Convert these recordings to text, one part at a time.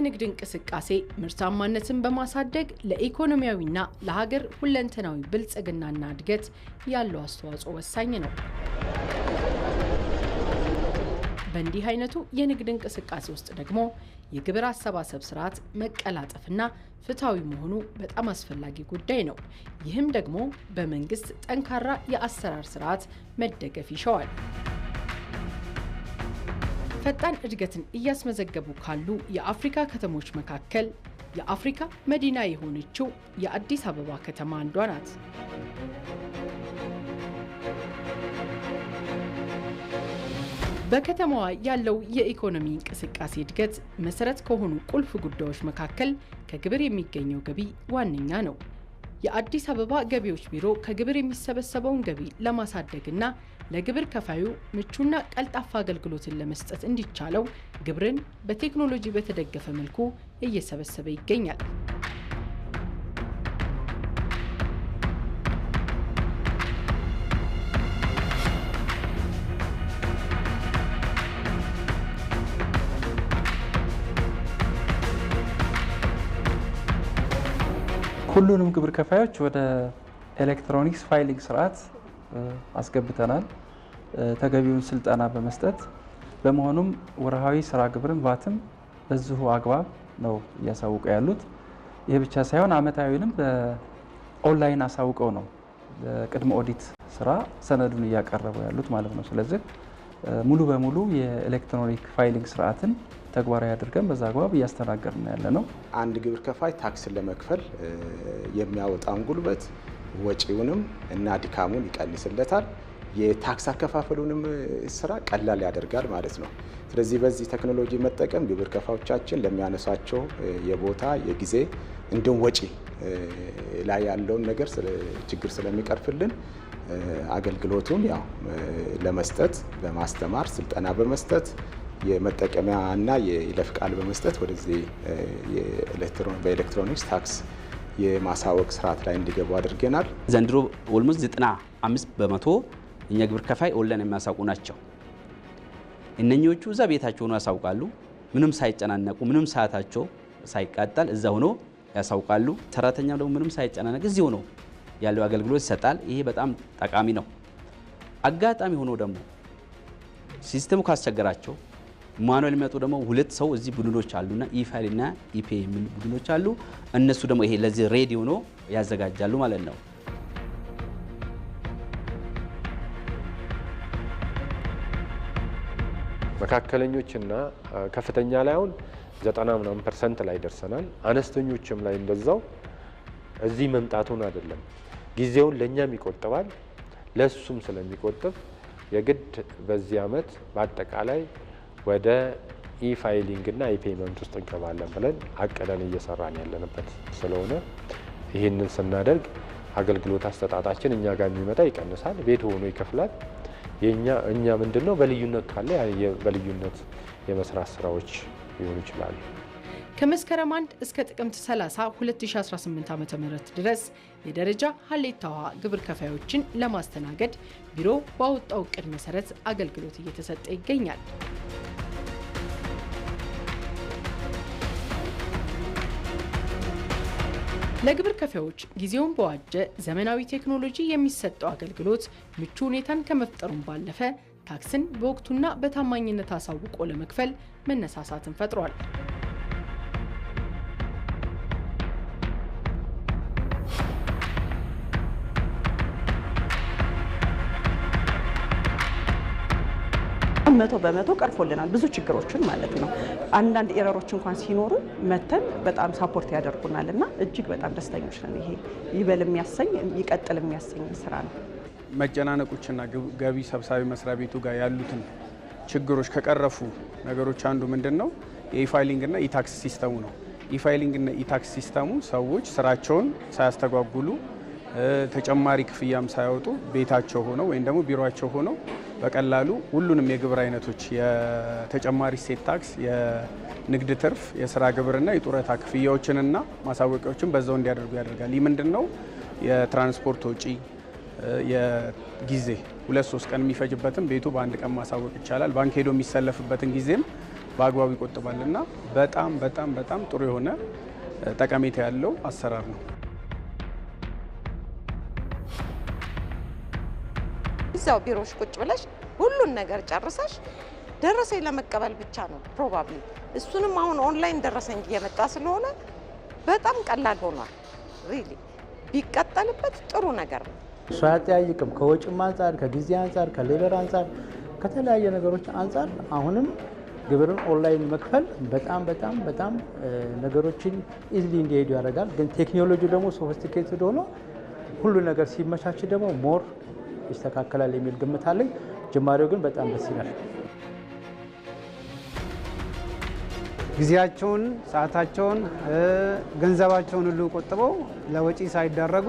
የንግድ እንቅስቃሴ ምርታማነትን በማሳደግ ለኢኮኖሚያዊና ለሀገር ሁለንተናዊ ብልጽግናና እድገት ያለው አስተዋጽኦ ወሳኝ ነው። በእንዲህ አይነቱ የንግድ እንቅስቃሴ ውስጥ ደግሞ የግብር አሰባሰብ ስርዓት መቀላጠፍና ፍትሐዊ መሆኑ በጣም አስፈላጊ ጉዳይ ነው። ይህም ደግሞ በመንግስት ጠንካራ የአሰራር ስርዓት መደገፍ ይሸዋል። ፈጣን እድገትን እያስመዘገቡ ካሉ የአፍሪካ ከተሞች መካከል የአፍሪካ መዲና የሆነችው የአዲስ አበባ ከተማ አንዷ ናት። በከተማዋ ያለው የኢኮኖሚ እንቅስቃሴ እድገት መሰረት ከሆኑ ቁልፍ ጉዳዮች መካከል ከግብር የሚገኘው ገቢ ዋነኛ ነው። የአዲስ አበባ ገቢዎች ቢሮ ከግብር የሚሰበሰበውን ገቢ ለማሳደግና ለግብር ከፋዩ ምቹና ቀልጣፋ አገልግሎትን ለመስጠት እንዲቻለው ግብርን በቴክኖሎጂ በተደገፈ መልኩ እየሰበሰበ ይገኛል። ሁሉንም ግብር ከፋዮች ወደ ኤሌክትሮኒክስ ፋይሊንግ ስርዓት አስገብተናል ተገቢውን ስልጠና በመስጠት በመሆኑም ወርሃዊ ስራ ግብርን ቫትም በዚሁ አግባብ ነው እያሳውቀ ያሉት። ይህ ብቻ ሳይሆን አመታዊንም በኦንላይን አሳውቀው ነው ቅድመ ኦዲት ስራ ሰነዱን እያቀረቡ ያሉት ማለት ነው። ስለዚህ ሙሉ በሙሉ የኤሌክትሮኒክ ፋይሊንግ ስርዓትን ተግባራዊ አድርገን በዛ አግባብ እያስተናገድን ያለ ነው። አንድ ግብር ከፋይ ታክስን ለመክፈል የሚያወጣውን ጉልበት ወጪውንም እና ድካሙን ይቀንስለታል። የታክስ አከፋፈሉንም ስራ ቀላል ያደርጋል ማለት ነው። ስለዚህ በዚህ ቴክኖሎጂ መጠቀም ግብር ከፋዎቻችን ለሚያነሷቸው የቦታ የጊዜ እንዲሁም ወጪ ላይ ያለውን ነገር ችግር ስለሚቀርፍልን አገልግሎቱን ያው ለመስጠት በማስተማር ስልጠና በመስጠት የመጠቀሚያና እና ቃል በመስጠት ወደዚህ በኤሌክትሮኒክስ ታክስ የማሳወቅ ስርዓት ላይ እንዲገቡ አድርገናል። ዘንድሮ ኦልሞስት 95 በመቶ እኛ ግብር ከፋይ ኦንላይን የሚያሳውቁ ናቸው። እነኞቹ እዛ ቤታቸው ሆኖ ያሳውቃሉ። ምንም ሳይጨናነቁ፣ ምንም ሰዓታቸው ሳይቃጠል እዛ ሆኖ ያሳውቃሉ። ሰራተኛም ደግሞ ምንም ሳይጨናነቅ እዚህ ሆኖ ያለው አገልግሎት ይሰጣል። ይሄ በጣም ጠቃሚ ነው። አጋጣሚ ሆኖ ደግሞ ሲስተሙ ካስቸገራቸው ማኑዌል የሚያጡ ደግሞ ሁለት ሰው እዚህ ቡድኖች አሉና ኢፋይልና ኢፔ የሚሉ ቡድኖች አሉ። እነሱ ደግሞ ይሄ ለዚህ ሬዲ ሆኖ ያዘጋጃሉ ማለት ነው። መካከለኞችና ከፍተኛ ላይ አሁን ዘጠና ምናምን ፐርሰንት ላይ ደርሰናል። አነስተኞችም ላይ እንደዛው እዚህ መምጣቱን አይደለም ጊዜውን ለእኛም ይቆጥባል ለእሱም ስለሚቆጥብ የግድ በዚህ አመት በአጠቃላይ ወደ ኢፋይሊንግ እና ኢፔመንት ውስጥ እንገባለን ብለን አቅደን እየሰራን ያለንበት ስለሆነ ይህንን ስናደርግ አገልግሎት አሰጣጣችን እኛ ጋር የሚመጣ ይቀንሳል፣ ቤት ሆኖ ይከፍላል። እኛ ምንድን ነው በልዩነት ካለ በልዩነት የመስራት ስራዎች ሊሆኑ ይችላሉ። ከመስከረም 1 እስከ ጥቅምት 30 2018 ዓ.ም ድረስ የደረጃ ሀሌታ ውሃ ግብር ከፋዮችን ለማስተናገድ ቢሮ ባወጣው እቅድ መሰረት አገልግሎት እየተሰጠ ይገኛል። ለግብር ከፋዮች ጊዜውን በዋጀ ዘመናዊ ቴክኖሎጂ የሚሰጠው አገልግሎት ምቹ ሁኔታን ከመፍጠሩም ባለፈ ታክስን በወቅቱና በታማኝነት አሳውቆ ለመክፈል መነሳሳትን ፈጥሯል። መቶ በመቶ ቀርፎልናል። ብዙ ችግሮችን ማለት ነው። አንዳንድ ኤረሮች እንኳን ሲኖሩ መተን በጣም ሳፖርት ያደርጉናል እና እጅግ በጣም ደስተኞች ነን። ይሄ ይበል የሚያሰኝ ይቀጥል የሚያሰኝ ስራ ነው። መጨናነቆችና ገቢ ሰብሳቢ መስሪያ ቤቱ ጋር ያሉትን ችግሮች ከቀረፉ ነገሮች አንዱ ምንድን ነው? የኢፋይሊንግና ኢታክስ ሲስተሙ ነው። ኢፋይሊንግና ኢታክስ ሲስተሙ ሰዎች ስራቸውን ሳያስተጓጉሉ ተጨማሪ ክፍያም ሳያወጡ ቤታቸው ሆነው ወይም ደግሞ ቢሮቸው ሆነው በቀላሉ ሁሉንም የግብር አይነቶች የተጨማሪ ሴት ታክስ፣ የንግድ ትርፍ፣ የስራ ግብርና የጡረታ ክፍያዎችንና ማሳወቂያዎችን በዛው እንዲያደርጉ ያደርጋል። ይህ ምንድን ነው? የትራንስፖርት ወጪ የጊዜ ሁለት ሶስት ቀን የሚፈጅበትን ቤቱ በአንድ ቀን ማሳወቅ ይቻላል። ባንክ ሄዶ የሚሰለፍበትን ጊዜም በአግባቡ ይቆጥባልና በጣም በጣም በጣም ጥሩ የሆነ ጠቀሜታ ያለው አሰራር ነው። እዛው ቢሮሽ ቁጭ ብለሽ ሁሉን ነገር ጨርሰሽ ደረሰኝ ለመቀበል ብቻ ነው ፕሮባብሊ። እሱንም አሁን ኦንላይን ደረሰኝ እየመጣ ስለሆነ በጣም ቀላል ሆኗል። ሪሊ ቢቀጠልበት ጥሩ ነገር ነው። እሱ አያጠያይቅም። ከወጪም አንጻር፣ ከጊዜ አንጻር፣ ከሌበር አንጻር፣ ከተለያየ ነገሮች አንጻር አሁንም ግብርን ኦንላይን መክፈል በጣም በጣም በጣም ነገሮችን ኢዝሊ እንዲሄዱ ያደርጋል። ግን ቴክኖሎጂ ደግሞ ሶፊስቲኬትድ ሆኖ ሁሉ ነገር ሲመቻች ደግሞ ሞር ይስተካከላል የሚል ግምት አለኝ። ጅማሬው ግን በጣም ደስ ይላል። ጊዜያቸውን፣ ሰዓታቸውን፣ ገንዘባቸውን ሁሉ ቆጥበው ለወጪ ሳይዳረጉ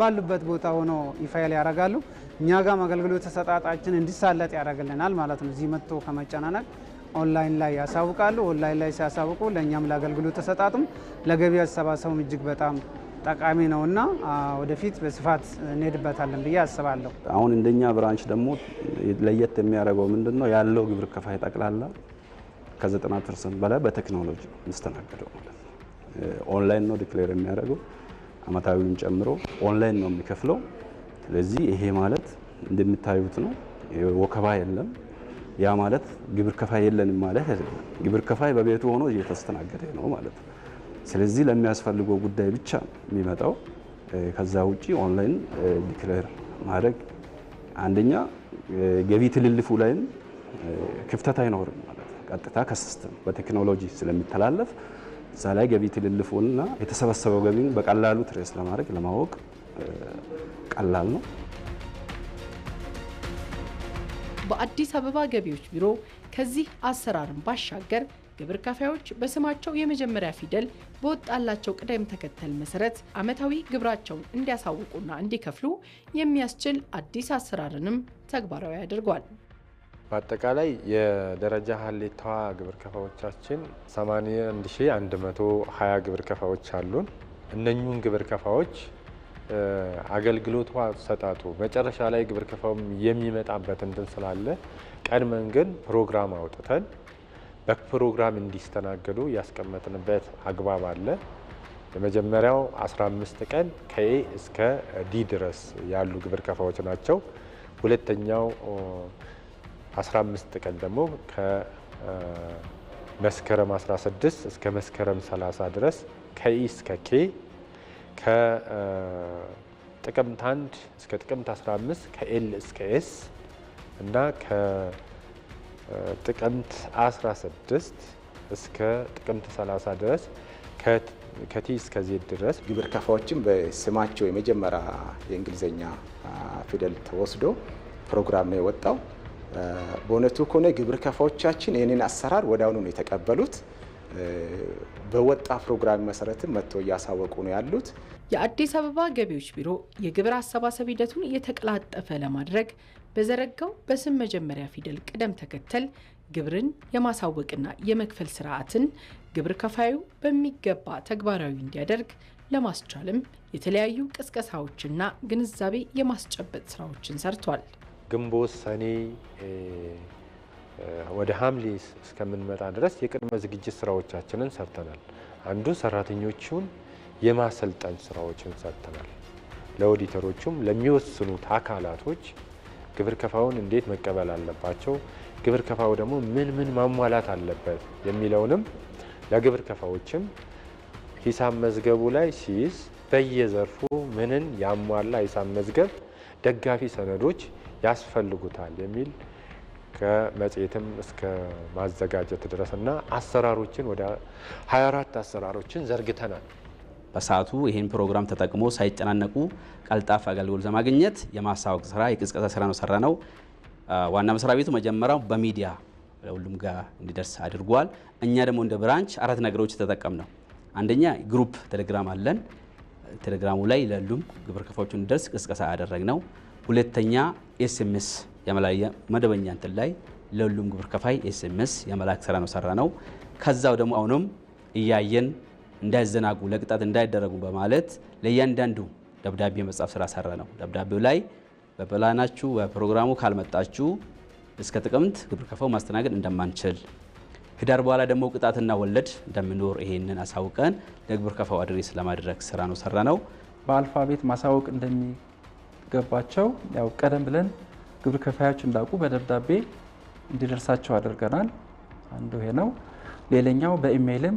ባሉበት ቦታ ሆኖ ይፋይል ያደርጋሉ። እኛ ጋም አገልግሎት ተሰጣጣችን እንዲሳለጥ ያደርግልናል ማለት ነው። እዚህ መጥቶ ከመጨናነቅ ኦንላይን ላይ ያሳውቃሉ። ኦንላይን ላይ ሲያሳውቁ ለእኛም ለአገልግሎት ተሰጣጡም ለገቢ አሰባሰቡም እጅግ በጣም ጠቃሚ ነውና ወደፊት በስፋት እንሄድበታለን ብዬ አስባለሁ። አሁን እንደኛ ብራንች ደግሞ ለየት የሚያደርገው ምንድን ነው ያለው ግብር ከፋይ ጠቅላላ ከ90 ፐርሰንት በላይ በቴክኖሎጂ የሚስተናገደው ማለት ነው። ኦንላይን ነው ዲክሌር የሚያደርገው አመታዊውን ጨምሮ ኦንላይን ነው የሚከፍለው። ስለዚህ ይሄ ማለት እንደሚታዩት ነው፣ ወከባ የለም። ያ ማለት ግብር ከፋይ የለንም ማለት አይደለም። ግብር ከፋይ በቤቱ ሆኖ እየተስተናገደ ነው ማለት ነው። ስለዚህ ለሚያስፈልገው ጉዳይ ብቻ የሚመጣው። ከዛ ውጪ ኦንላይን ዲክሌር ማድረግ አንደኛ ገቢ ትልልፉ ላይም ክፍተት አይኖርም ማለት ነው። ቀጥታ ከሲስተም በቴክኖሎጂ ስለሚተላለፍ እዛ ላይ ገቢ ትልልፉና የተሰበሰበው ገቢ በቀላሉ ትሬስ ለማድረግ ለማወቅ ቀላል ነው። በአዲስ አበባ ገቢዎች ቢሮ ከዚህ አሰራርን ባሻገር ግብር ከፋዮች በስማቸው የመጀመሪያ ፊደል በወጣላቸው ቅደም ተከተል መሰረት ዓመታዊ ግብራቸውን እንዲያሳውቁና እንዲከፍሉ የሚያስችል አዲስ አሰራርንም ተግባራዊ አድርጓል። በአጠቃላይ የደረጃ ሀሌታዋ ግብር ከፋዎቻችን 81120 ግብር ከፋዎች አሉን። እነኙን ግብር ከፋዎች አገልግሎቱ አሰጣጡ መጨረሻ ላይ ግብር ከፋውም የሚመጣበት እንትን ስላለ ቀድመን ግን ፕሮግራም አውጥተን በፕሮግራም እንዲስተናገዱ ያስቀመጥንበት አግባብ አለ። የመጀመሪያው 15 ቀን ከኤ እስከ ዲ ድረስ ያሉ ግብር ከፋዎች ናቸው። ሁለተኛው 15 ቀን ደግሞ ከመስከረም 16 እስከ መስከረም 30 ድረስ ከኢ እስከ ኬ፣ ከጥቅምት 1 እስከ ጥቅምት 15 ከኤል እስከ ኤስ እና ጥቅምት 16 እስከ ጥቅምት 30 ድረስ ከቲ እስከ ዜድ ድረስ ግብር ከፋዎችም በስማቸው የመጀመሪያ የእንግሊዝኛ ፊደል ተወስዶ ፕሮግራም ነው የወጣው። በእውነቱ ከሆነ ግብር ከፋዎቻችን ይህንን አሰራር ወደ አሁኑ ነው የተቀበሉት። በወጣ ፕሮግራም መሰረትም መጥቶ እያሳወቁ ነው ያሉት። የአዲስ አበባ ገቢዎች ቢሮ የግብር አሰባሰብ ሂደቱን የተቀላጠፈ ለማድረግ በዘረጋው በስም መጀመሪያ ፊደል ቅደም ተከተል ግብርን የማሳወቅና የመክፈል ስርዓትን ግብር ከፋዩ በሚገባ ተግባራዊ እንዲያደርግ ለማስቻልም የተለያዩ ቅስቀሳዎችና ግንዛቤ የማስጨበጥ ስራዎችን ሰርቷል። ግንቦት ሰኔ ወደ ሐምሌ እስከምንመጣ ድረስ የቅድመ ዝግጅት ስራዎቻችንን ሰርተናል። አንዱ ሰራተኞቹን የማሰልጠን ስራዎችን ሰርተናል። ለኦዲተሮቹም ለሚወስኑት አካላቶች ግብር ከፋውን እንዴት መቀበል አለባቸው፣ ግብር ከፋው ደግሞ ምን ምን ማሟላት አለበት የሚለውንም ለግብር ከፋዎችም ሂሳብ መዝገቡ ላይ ሲይዝ በየዘርፉ ምንን ያሟላ ሂሳብ መዝገብ ደጋፊ ሰነዶች ያስፈልጉታል የሚል ከመጽሔትም እስከ ማዘጋጀት ድረስ እና አሰራሮችን ወደ 24 አሰራሮችን ዘርግተናል። በሰዓቱ ይህን ፕሮግራም ተጠቅሞ ሳይጨናነቁ ቀልጣፍ አገልግሎት ለማግኘት የማሳወቅ ስራ የቅስቀሳ ስራ ነው ሰራ ነው። ዋና መስሪያ ቤቱ መጀመሪያው በሚዲያ ለሁሉም ጋር እንዲደርስ አድርጓል። እኛ ደግሞ እንደ ብራንች አራት ነገሮች ተጠቀም ነው። አንደኛ ግሩፕ ቴሌግራም አለን። ቴሌግራሙ ላይ ለሁሉም ግብር ከፋዎቹ እንዲደርስ ቅስቀሳ ያደረግ ነው። ሁለተኛ ኤስኤምኤስ የመላየ መደበኛ እንትን ላይ ለሁሉም ግብር ከፋይ ኤስኤምኤስ የመላክ ስራ ነው ሰራ ነው። ከዛው ደግሞ አሁንም እያየን እንዳይዘናጉ ለቅጣት እንዳይደረጉ በማለት ለእያንዳንዱ ደብዳቤ መጻፍ ስራ ሰራ ነው። ደብዳቤው ላይ በፕላናችሁ በፕሮግራሙ ካልመጣችሁ እስከ ጥቅምት ግብር ከፋው ማስተናገድ እንደማንችል ህዳር በኋላ ደግሞ ቅጣትና ወለድ እንደሚኖር ይሄንን አሳውቀን ለግብር ከፋው አድሬስ ለማድረግ ስራ ነው ሰራ ነው። በአልፋቤት ማሳወቅ እንደሚገባቸው ያው ቀደም ብለን ግብር ከፋዮች እንዳውቁ በደብዳቤ እንዲደርሳቸው አድርገናል። አንዱ ይሄ ነው። ሌላኛው በኢሜይልም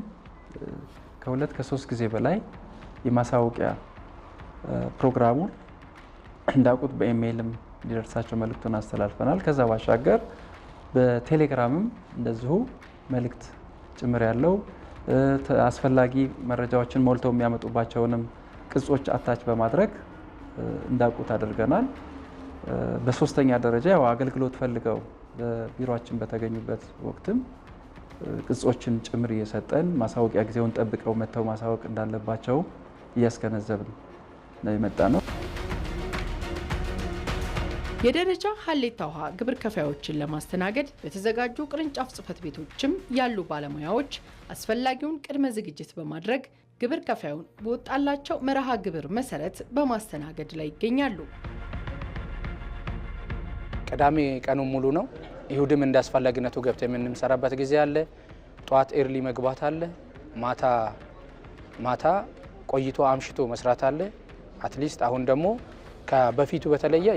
ከሁለት ከሶስት ጊዜ በላይ የማሳወቂያ ፕሮግራሙን እንዳውቁት በኢሜይልም እንዲደርሳቸው መልእክቱን አስተላልፈናል። ከዛ ባሻገር በቴሌግራምም እንደዚሁ መልእክት ጭምር ያለው አስፈላጊ መረጃዎችን ሞልተው የሚያመጡባቸውንም ቅጾች አታች በማድረግ እንዳውቁት አድርገናል። በሶስተኛ ደረጃ ያው አገልግሎት ፈልገው በቢሮችን በተገኙበት ወቅትም ቅጾችን ጭምር እየሰጠን ማሳወቂያ ጊዜውን ጠብቀው መጥተው ማሳወቅ እንዳለባቸው እያስገነዘብን ነው የመጣ ነው። የደረጃ ሀሌታ ውሃ ግብር ከፋዮችን ለማስተናገድ በተዘጋጁ ቅርንጫፍ ጽህፈት ቤቶችም ያሉ ባለሙያዎች አስፈላጊውን ቅድመ ዝግጅት በማድረግ ግብር ከፋዩን በወጣላቸው መርሃ ግብር መሰረት በማስተናገድ ላይ ይገኛሉ። ቅዳሜ ቀኑ ሙሉ ነው። ይሁድም አስፈላጊነቱ ገብተ የምንሰራበት ጊዜ አለ። ጠዋት ኤርሊ መግባት አለ። ማታ ማታ ቆይቶ አምሽቶ መስራት አለ። አትሊስት አሁን ደግሞ በፊቱ በተለየ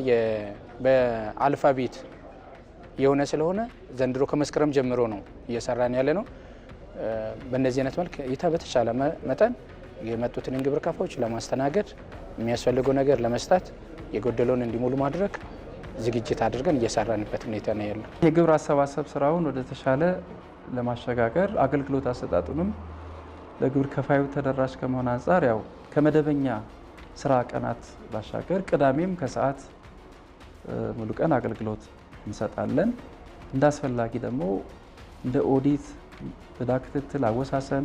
በአልፋቤት የሆነ ስለሆነ ዘንድሮ ከመስከረም ጀምሮ ነው እየሰራን ያለ ነው። በእነዚህ አይነት መልክ ይታ በተቻለ መጠን የመጡትን ግብር ከፋዎች ለማስተናገድ የሚያስፈልገው ነገር ለመስጠት የጎደለውን እንዲሞሉ ማድረግ ዝግጅት አድርገን እየሰራንበት ሁኔታ ነው ያለው። የግብር አሰባሰብ ስራውን ወደ ተሻለ ለማሸጋገር አገልግሎት አሰጣጡንም ለግብር ከፋዩ ተደራሽ ከመሆን አንጻር ያው ከመደበኛ ስራ ቀናት ባሻገር ቅዳሜም ከሰዓት ሙሉ ቀን አገልግሎት እንሰጣለን። እንደ አስፈላጊ ደግሞ እንደ ኦዲት፣ ዕዳ ክትትል፣ አወሳሰን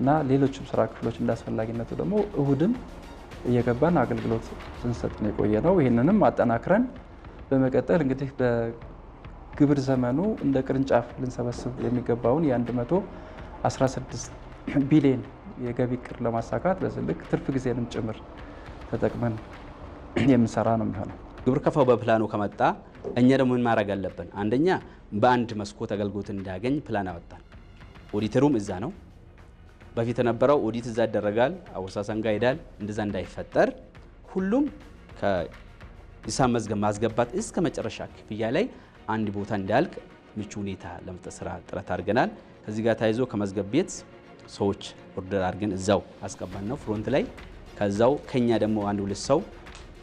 እና ሌሎችም ስራ ክፍሎች እንደ አስፈላጊነቱ ደግሞ እሁድም እየገባን አገልግሎት ስንሰጥ ነው የቆየ ነው። ይህንንም አጠናክረን በመቀጠል እንግዲህ በግብር ዘመኑ እንደ ቅርንጫፍ ልንሰበስብ የሚገባውን የ116 ቢሊዮን የገቢ ቅር ለማሳካት በዚህ ልክ ትርፍ ጊዜንም ጭምር ተጠቅመን የምንሰራ ነው የሚሆነው። ግብር ከፋው በፕላኑ ከመጣ እኛ ደግሞ ምን ማድረግ አለብን? አንደኛ በአንድ መስኮት አገልግሎት እንዳያገኝ ፕላን አወጣን። ኦዲተሩም እዛ ነው በፊት የነበረው ኦዲት እዛ ይደረጋል፣ አወሳሰን ጋር ይሄዳል። እንደዛ እንዳይፈጠር ሁሉም ሂሳብ መዝገብ ማስገባት እስከ መጨረሻ ክፍያ ላይ አንድ ቦታ እንዳያልቅ ምቹ ሁኔታ ለመፍጠር ስራ ጥረት አድርገናል። ከዚህ ጋር ተያይዞ ከመዝገብ ቤት ሰዎች ኦርደር አድርገን እዛው አስቀባን ነው ፍሮንት ላይ። ከዛው ከኛ ደግሞ አንድ ሁለት ሰው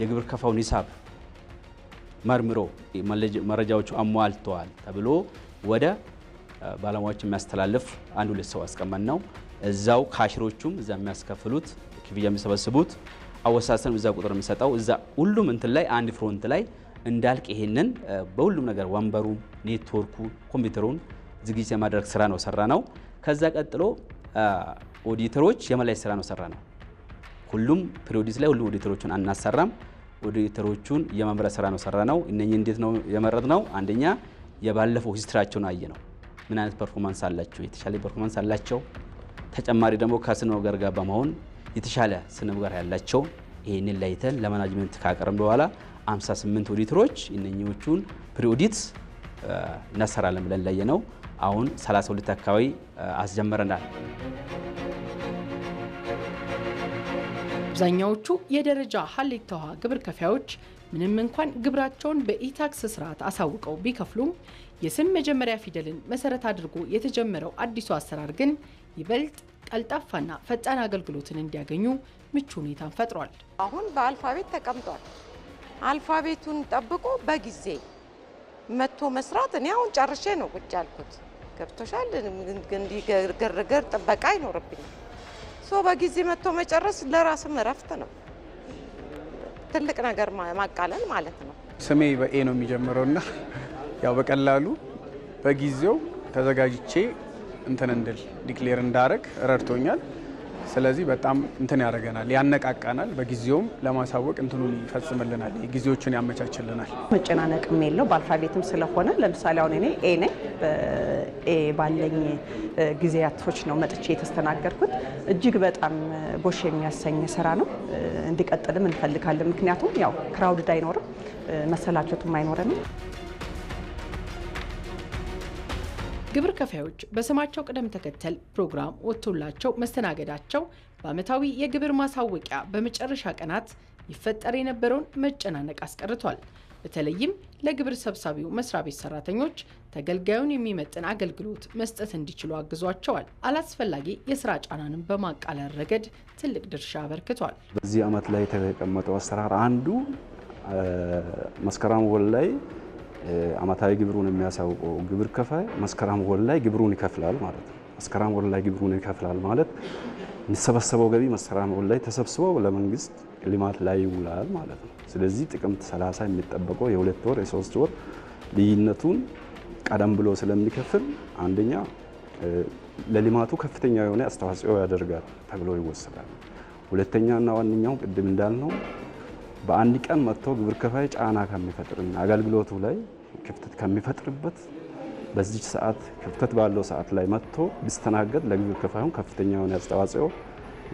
የግብር ከፋውን ሂሳብ መርምሮ መረጃዎቹ አሟልተዋል ተብሎ ወደ ባለሙያዎች የሚያስተላልፍ አንድ ሁለት ሰው አስቀመን ነው። እዛው ካሽሮቹም እዛ የሚያስከፍሉት ክፍያ የሚሰበስቡት አወሳሰን እዛ ቁጥር የምሰጠው እዛ ሁሉም እንትን ላይ አንድ ፍሮንት ላይ እንዳልቅ ይሄንን በሁሉም ነገር ወንበሩ፣ ኔትወርኩ፣ ኮምፒውተሩን ዝግጅት የማድረግ ስራ ነው ሰራ ነው። ከዛ ቀጥሎ ኦዲተሮች የመላይ ስራ ነው ሰራ ነው። ሁሉም ፕሪዮዲስ ላይ ሁሉም ኦዲተሮቹን አናሰራም። ኦዲተሮቹን የመምረጥ ስራ ነው ሰራ ነው። እነኚህ እንዴት ነው የመረጥ ነው? አንደኛ የባለፈው ሂስትራቸውን አየ ነው። ምን አይነት ፐርፎርማንስ አላቸው? የተሻለ ፐርፎርማንስ አላቸው። ተጨማሪ ደግሞ ከስነ ወገር ጋር በመሆን የተሻለ ስነ ምግባር ያላቸው ይህንን ለይተን ለማናጅመንት ካቀርም በኋላ 58 ኦዲተሮች እነኚዎቹን ፕሪ ኦዲት እናሰራለን ብለን ለየ ነው። አሁን 32 አካባቢ አስጀምረናል። አብዛኛዎቹ የደረጃ ውሃ ግብር ከፋዮች ምንም እንኳን ግብራቸውን በኢታክስ ስርዓት አሳውቀው ቢከፍሉም የስም መጀመሪያ ፊደልን መሰረት አድርጎ የተጀመረው አዲሱ አሰራር ግን ይበልጥ ቀልጣፋና ፈጣን አገልግሎትን እንዲያገኙ ምቹ ሁኔታን ፈጥሯል። አሁን በአልፋቤት ተቀምጧል። አልፋቤቱን ጠብቆ በጊዜ መጥቶ መስራት እኔ አሁን ጨርሼ ነው ቁጭ ያልኩት። ገብቶሻል። እንዲህ ግርግር ጥበቃ አይኖርብኝም። ሶ በጊዜ መጥቶ መጨረስ ለራስም እረፍት ነው። ትልቅ ነገር ማቃለል ማለት ነው። ስሜ በኤ ነው የሚጀምረውና ያው በቀላሉ በጊዜው ተዘጋጅቼ እንትን እንድል ዲክሌር እንዳረግ ረድቶኛል። ስለዚህ በጣም እንትን ያደርገናል፣ ያነቃቃናል። በጊዜውም ለማሳወቅ እንትኑን ይፈጽምልናል፣ ጊዜዎቹን ያመቻችልናል። መጨናነቅም የለው በአልፋቤትም ስለሆነ ለምሳሌ አሁን እኔ ኤ ነኝ። ኤ ባለኝ ጊዜያቶች ነው መጥቼ የተስተናገድኩት። እጅግ በጣም ጎሽ የሚያሰኝ ስራ ነው፣ እንዲቀጥልም እንፈልጋለን። ምክንያቱም ያው ክራውድድ አይኖርም፣ መሰላቸቱም አይኖረንም። ግብር ከፋዮች በስማቸው ቅደም ተከተል ፕሮግራም ወጥቶላቸው መስተናገዳቸው በዓመታዊ የግብር ማሳወቂያ በመጨረሻ ቀናት ይፈጠር የነበረውን መጨናነቅ አስቀርቷል። በተለይም ለግብር ሰብሳቢው መስሪያ ቤት ሰራተኞች ተገልጋዩን የሚመጥን አገልግሎት መስጠት እንዲችሉ አግዟቸዋል። አላስፈላጊ የስራ ጫናንም በማቃለል ረገድ ትልቅ ድርሻ አበርክቷል። በዚህ ዓመት ላይ የተቀመጠው አሰራር አንዱ መስከረም ወር ላይ አመታዊ ግብሩን የሚያሳውቀው ግብር ከፋይ መስከረም ወር ላይ ግብሩን ይከፍላል ማለት ነው። መስከረም ወር ላይ ግብሩን ይከፍላል ማለት የሚሰበሰበው ገቢ መስከረም ወር ላይ ተሰብስቦ ለመንግስት ልማት ላይ ይውላል ማለት ነው። ስለዚህ ጥቅምት 30 የሚጠበቀው የሁለት ወር የሶስት ወር ልዩነቱን ቀደም ብሎ ስለሚከፍል አንደኛ ለልማቱ ከፍተኛ የሆነ አስተዋጽኦ ያደርጋል ተብሎ ይወሰዳል። ሁለተኛና ዋነኛው ቅድም እንዳልነው በአንድ ቀን መጥቶ ግብር ከፋይ ጫና ከሚፈጥርና አገልግሎቱ ላይ ክፍተት ከሚፈጥርበት በዚህ ሰዓት ክፍተት ባለው ሰዓት ላይ መጥቶ ቢስተናገድ ለግብር ከፋዩን ከፍተኛ የሆነ አስተዋጽኦ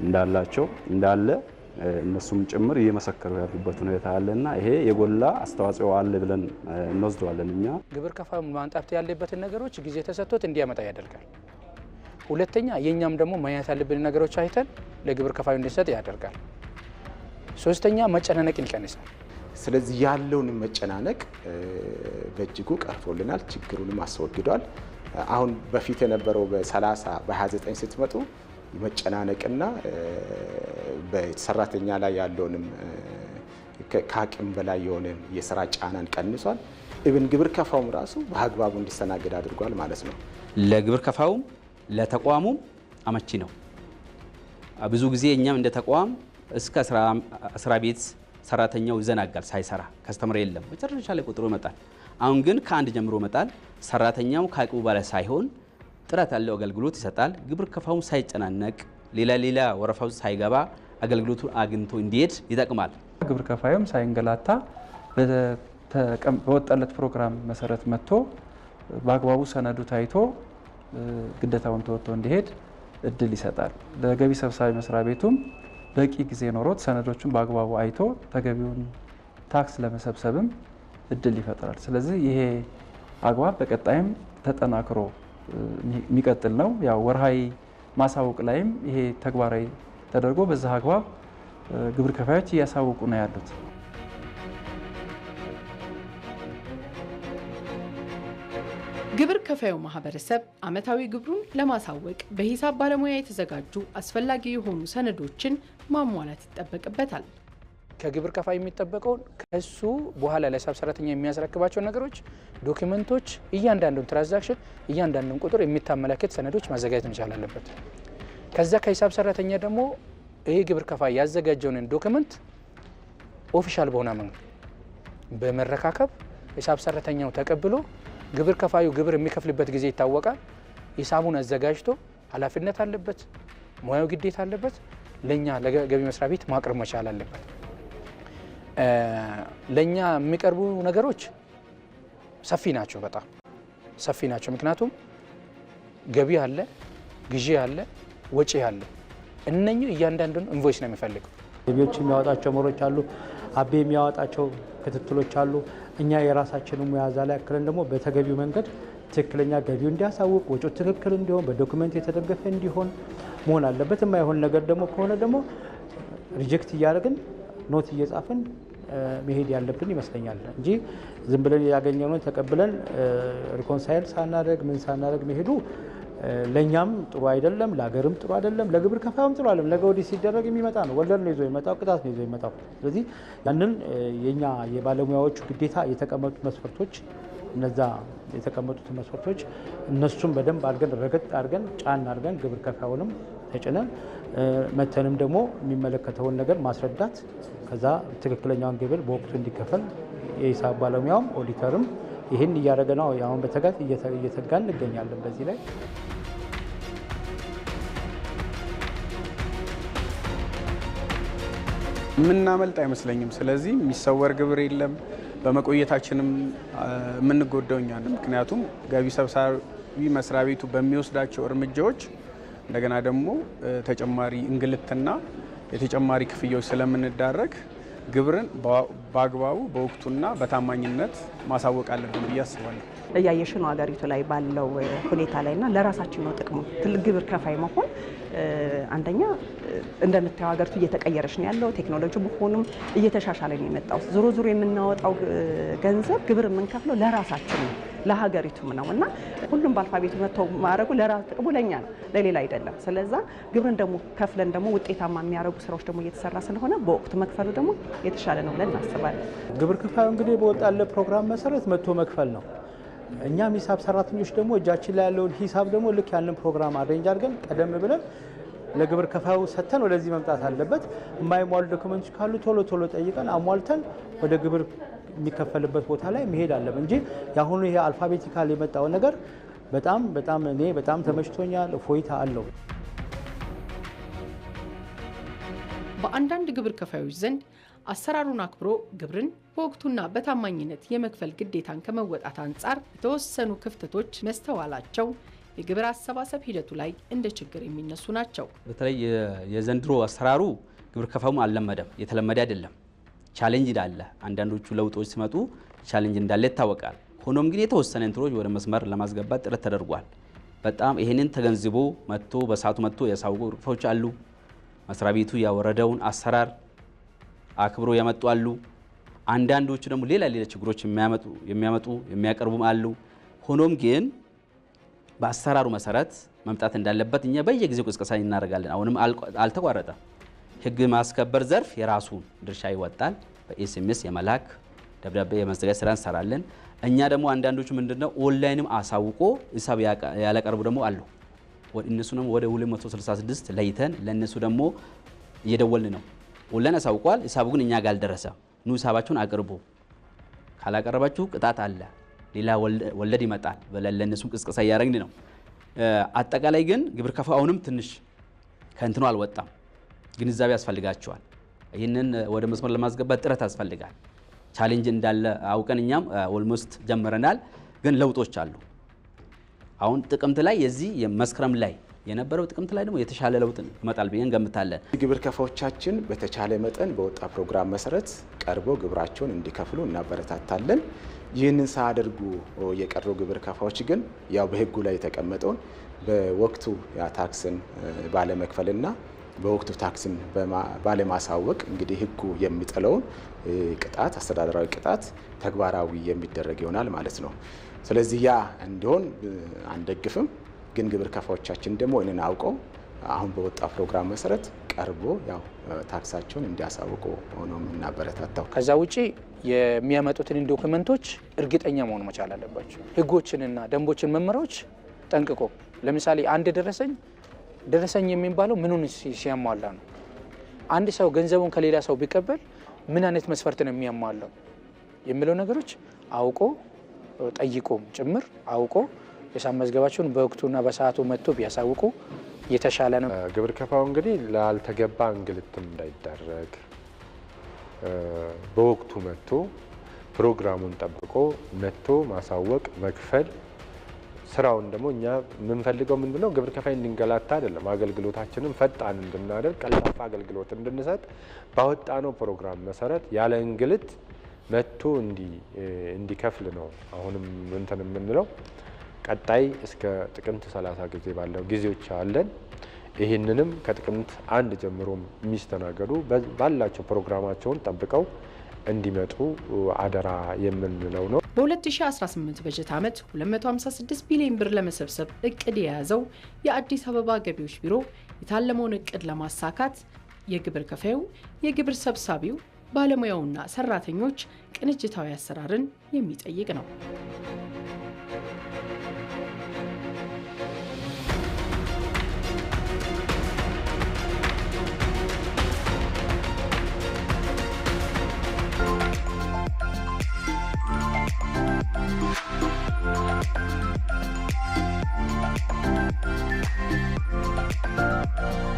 እንዳላቸው እንዳለ እነሱም ጭምር እየመሰከሩ ያሉበት ሁኔታ አለና ይሄ የጎላ አስተዋጽኦ አለ ብለን እንወስደዋለን። እኛ ግብር ከፋዩን ማንጣፍት ያለበትን ነገሮች ጊዜ ተሰጥቶት እንዲያመጣ ያደርጋል። ሁለተኛ የእኛም ደግሞ ማየት ያለብን ነገሮች አይተን ለግብር ከፋዩ እንዲሰጥ ያደርጋል። ሶስተኛ መጨናነቅን ይቀንሳል። ስለዚህ ያለውን መጨናነቅ በእጅጉ ቀርፎልናል፣ ችግሩንም አስወግዷል። አሁን በፊት የነበረው በ30 በ29 ስትመጡ መጨናነቅና በሰራተኛ ላይ ያለውንም ከአቅም በላይ የሆነ የስራ ጫናን ቀንሷል። እብን ግብር ከፋውም ራሱ በአግባቡ እንዲስተናገድ አድርጓል ማለት ነው። ለግብር ከፋውም ለተቋሙም አመቺ ነው። ብዙ ጊዜ እኛም እንደ ተቋም እስከ ስራ ቤት ሰራተኛው ይዘናጋል ሳይሰራ ከስተምር የለም። መጨረሻ ላይ ቁጥሩ ይመጣል። አሁን ግን ከአንድ ጀምሮ ይመጣል። ሰራተኛው ከአቅሙ በላይ ሳይሆን ጥረት ያለው አገልግሎት ይሰጣል። ግብር ከፋውም ሳይጨናነቅ ሌላ ሌላ ወረፋው ሳይገባ አገልግሎቱን አግኝቶ እንዲሄድ ይጠቅማል። ግብር ከፋዩም ሳይንገላታ በወጣለት ፕሮግራም መሰረት መጥቶ በአግባቡ ሰነዱ ታይቶ ግዴታውን ተወጥቶ እንዲሄድ እድል ይሰጣል። ለገቢ ሰብሳቢ መስሪያ ቤቱም በቂ ጊዜ ኖሮት ሰነዶቹን በአግባቡ አይቶ ተገቢውን ታክስ ለመሰብሰብም እድል ይፈጥራል። ስለዚህ ይሄ አግባብ በቀጣይም ተጠናክሮ የሚቀጥል ነው። ያው ወርሃዊ ማሳወቅ ላይም ይሄ ተግባራዊ ተደርጎ በዛ አግባብ ግብር ከፋዮች እያሳወቁ ነው ያሉት። ግብር ከፋዩ ማህበረሰብ ዓመታዊ ግብሩን ለማሳወቅ በሂሳብ ባለሙያ የተዘጋጁ አስፈላጊ የሆኑ ሰነዶችን ማሟላት ይጠበቅበታል። ከግብር ከፋይ የሚጠበቀውን ከሱ በኋላ ለሂሳብ ሰራተኛ የሚያስረክባቸው ነገሮች፣ ዶክመንቶች፣ እያንዳንዱን ትራንዛክሽን፣ እያንዳንዱን ቁጥር የሚታመለክት ሰነዶች ማዘጋጀት መቻል አለበት። ከዛ ከሂሳብ ሰራተኛ ደግሞ ይህ ግብር ከፋይ ያዘጋጀውን ዶክመንት ኦፊሻል በሆነ መንገድ በመረካከብ ሂሳብ ሰራተኛው ተቀብሎ ግብር ከፋዩ ግብር የሚከፍልበት ጊዜ ይታወቃል። ሂሳቡን አዘጋጅቶ ኃላፊነት አለበት፣ ሙያዊ ግዴታ አለበት፣ ለእኛ ለገቢ መስሪያ ቤት ማቅረብ መቻል አለበት። ለእኛ የሚቀርቡ ነገሮች ሰፊ ናቸው፣ በጣም ሰፊ ናቸው። ምክንያቱም ገቢ አለ፣ ግዢ አለ፣ ወጪ አለ። እነኚህ እያንዳንዱን ኢንቮይስ ነው የሚፈልገው። ገቢዎች የሚያወጣቸው መሮች አሉ አቤ የሚያወጣቸው ክትትሎች አሉ። እኛ የራሳችን ሙያዛ ላይ ያክልን ደግሞ በተገቢው መንገድ ትክክለኛ ገቢው እንዲያሳውቅ ወጪው ትክክል እንዲሆን በዶክመንት የተደገፈ እንዲሆን መሆን አለበት። የማይሆን ነገር ደግሞ ከሆነ ደግሞ ሪጀክት እያደረግን ኖት እየጻፍን መሄድ ያለብን ይመስለኛል እንጂ ዝም ብለን ያገኘነውን ተቀብለን ሪኮንሳይል ሳናደርግ ምን ሳናደርግ መሄዱ ለእኛም ጥሩ አይደለም፣ ለሀገርም ጥሩ አይደለም፣ ለግብር ከፋዩም ጥሩ አይደለም። ነገ ወዲህ ሲደረግ የሚመጣ ነው። ወለድ ነው ይዞ የመጣው፣ ቅጣት ነው ይዞ የመጣው። ስለዚህ ያንን የእኛ የባለሙያዎቹ ግዴታ የተቀመጡት መስፈርቶች እነዛ የተቀመጡት መስፈርቶች እነሱም በደንብ አድርገን ረገጥ አድርገን ጫን አድርገን ግብር ከፋውንም ተጭነን መተንም ደግሞ የሚመለከተውን ነገር ማስረዳት ከዛ ትክክለኛውን ግብር በወቅቱ እንዲከፈል የሂሳብ ባለሙያውም ኦዲተርም ይህን እያደረገ ነው። አሁን በተጋት እየተጋ እንገኛለን። በዚህ ላይ የምናመልጥ አይመስለኝም። ስለዚህ የሚሰወር ግብር የለም። በመቆየታችንም የምንጎዳው እኛ ነን። ምክንያቱም ገቢ ሰብሳቢ መስሪያ ቤቱ በሚወስዳቸው እርምጃዎች እንደገና ደግሞ ተጨማሪ እንግልትና የተጨማሪ ክፍያዎች ስለምንዳረግ ግብርን በአግባቡ በወቅቱና በታማኝነት ማሳወቅ አለብን ብዬ አስባለሁ። እያየሽ ነው ሀገሪቱ ላይ ባለው ሁኔታ ላይ እና ለራሳችን ነው ጥቅሙ። ትልቅ ግብር ከፋይ መሆን አንደኛ እንደምታየው ሀገሪቱ እየተቀየረች ነው ያለው ቴክኖሎጂ ብሆንም እየተሻሻለ ነው የመጣው። ዞሮ ዞሮ የምናወጣው ገንዘብ ግብር የምንከፍለው ለራሳችን ነው። ለሀገሪቱም ነው እና ሁሉም በአልፋቤቱ መጥተው ማድረጉ ለራሱ ጥቅሙ ለእኛ ነው፣ ለሌላ አይደለም። ስለዛ ግብርን ደግሞ ከፍለን ደግሞ ውጤታማ የሚያደርጉ ስራዎች ደግሞ እየተሰራ ስለሆነ በወቅቱ መክፈሉ ደግሞ የተሻለ ነው ብለን እናስባለን። ግብር ክፋዩ እንግዲህ በወጣለ ፕሮግራም መሰረት መጥቶ መክፈል ነው። እኛም ሂሳብ ሰራተኞች ደግሞ እጃችን ላይ ያለውን ሂሳብ ደግሞ ልክ ያንን ፕሮግራም አሬንጅ አድርገን ቀደም ብለን ለግብር ከፋዩ ሰጥተን ወደዚህ መምጣት አለበት። የማይሟሉ ዶክመንቶች ካሉ ቶሎ ቶሎ ጠይቀን አሟልተን ወደ ግብር የሚከፈልበት ቦታ ላይ መሄድ አለም እንጂ የአሁኑ ይሄ አልፋቤቲካል የመጣው ነገር በጣም በጣም እኔ በጣም ተመችቶኛል። እፎይታ አለው። በአንዳንድ ግብር ከፋዮች ዘንድ አሰራሩን አክብሮ ግብርን በወቅቱና በታማኝነት የመክፈል ግዴታን ከመወጣት አንጻር የተወሰኑ ክፍተቶች መስተዋላቸው የግብር አሰባሰብ ሂደቱ ላይ እንደ ችግር የሚነሱ ናቸው። በተለይ የዘንድሮ አሰራሩ ግብር ከፋዩም አልለመደም፣ የተለመደ አይደለም። ቻሌንጅ እንዳለ አንዳንዶቹ ለውጦች ሲመጡ ቻሌንጅ እንዳለ ይታወቃል። ሆኖም ግን የተወሰነ እንትሮች ወደ መስመር ለማስገባት ጥረት ተደርጓል። በጣም ይሄንን ተገንዝቦ መጥቶ በሰዓቱ መጥቶ ያሳውቁ ርቅቶች አሉ። መስሪያ ቤቱ ያወረደውን አሰራር አክብሮ ያመጡ አሉ። አንዳንዶቹ ደግሞ ሌላ ሌላ ችግሮች የሚያመጡ የሚያቀርቡም አሉ። ሆኖም ግን በአሰራሩ መሰረት መምጣት እንዳለበት እኛ በየጊዜው ቅስቀሳ እናደርጋለን። አሁንም አልተቋረጠም። ህግ ማስከበር ዘርፍ የራሱን ድርሻ ይወጣል። በኤስኤምኤስ የመላክ ደብዳቤ የመዘጋጀት ስራ እንሰራለን። እኛ ደግሞ አንዳንዶቹ ምንድነው ኦንላይንም አሳውቆ ሂሳብ ያላቀርቡ ደግሞ አሉ። እነሱ ደግሞ ወደ 266 ለይተን ለእነሱ ደግሞ እየደወልን ነው። ኦንላይን አሳውቋል፣ ሂሳቡ ግን እኛ ጋር አልደረሰ። ኑ ሂሳባችሁን አቅርቡ፣ ካላቀረባችሁ ቅጣት አለ፣ ሌላ ወለድ ይመጣል ብለን ለእነሱም ቅስቀሳ እያደረግን ነው። አጠቃላይ ግን ግብር ከፋ አሁንም ትንሽ ከእንትኑ አልወጣም፣ ግንዛቤ ያስፈልጋቸዋል። ይህንን ወደ መስመር ለማስገባት ጥረት ያስፈልጋል። ቻሌንጅ እንዳለ አውቀን እኛም ኦልሞስት ጀምረናል፣ ግን ለውጦች አሉ። አሁን ጥቅምት ላይ የዚህ መስከረም ላይ የነበረው ጥቅምት ላይ ደግሞ የተሻለ ለውጥ ይመጣል ብዬ እንገምታለን። ግብር ከፋዎቻችን በተቻለ መጠን በወጣ ፕሮግራም መሰረት ቀርቦ ግብራቸውን እንዲከፍሉ እናበረታታለን። ይህንን ሳያደርጉ የቀሩ ግብር ከፋዎች ግን ያው በህጉ ላይ የተቀመጠውን በወቅቱ ታክስን ባለመክፈልና በወቅቱ ታክስን ባለማሳወቅ እንግዲህ ህጉ የሚጥለውን ቅጣት አስተዳደራዊ ቅጣት ተግባራዊ የሚደረግ ይሆናል ማለት ነው። ስለዚህ ያ እንዲሆን አንደግፍም፣ ግን ግብር ከፋዎቻችን ደግሞ ይህንን አውቀው አሁን በወጣ ፕሮግራም መሰረት ቀርቦ ያው ታክሳቸውን እንዲያሳውቁ ሆኖ የምናበረታታው። ከዛ ውጪ የሚያመጡትን ዶክመንቶች እርግጠኛ መሆን መቻል አለባቸው። ህጎችንና ደንቦችን መመሪያዎች ጠንቅቆ ለምሳሌ አንድ ደረሰኝ ደረሰኝ የሚባለው ምኑን ሲያሟላ ነው? አንድ ሰው ገንዘቡን ከሌላ ሰው ቢቀበል ምን አይነት መስፈርት ነው የሚያሟላው የሚለው ነገሮች አውቆ ጠይቆም ጭምር አውቆ የሂሳብ መዝገባቸውን በወቅቱና በሰዓቱ መጥቶ ቢያሳውቁ የተሻለ ነው። ግብር ከፋው እንግዲህ ላልተገባ እንግልትም እንዳይዳረግ በወቅቱ መጥቶ ፕሮግራሙን ጠብቆ መጥቶ ማሳወቅ መክፈል ስራውን ደግሞ እኛ የምንፈልገው ምንድን ነው? ግብር ከፋይ እንዲንገላታ አይደለም። አገልግሎታችንን ፈጣን እንድናደርግ፣ ቀልጣፋ አገልግሎት እንድንሰጥ ባወጣነው ፕሮግራም መሰረት ያለ እንግልት መጥቶ እንዲከፍል ነው አሁንም እንትን የምንለው። ቀጣይ እስከ ጥቅምት 30 ጊዜ ባለው ጊዜዎች አለን። ይህንንም ከጥቅምት አንድ ጀምሮ የሚስተናገዱ ባላቸው ፕሮግራማቸውን ጠብቀው እንዲመጡ አደራ የምንለው ነው። በ2018 በጀት ዓመት 256 ቢሊዮን ብር ለመሰብሰብ እቅድ የያዘው የአዲስ አበባ ገቢዎች ቢሮ የታለመውን እቅድ ለማሳካት የግብር ከፋዩ፣ የግብር ሰብሳቢው፣ ባለሙያውና ሰራተኞች ቅንጅታዊ አሰራርን የሚጠይቅ ነው። Thank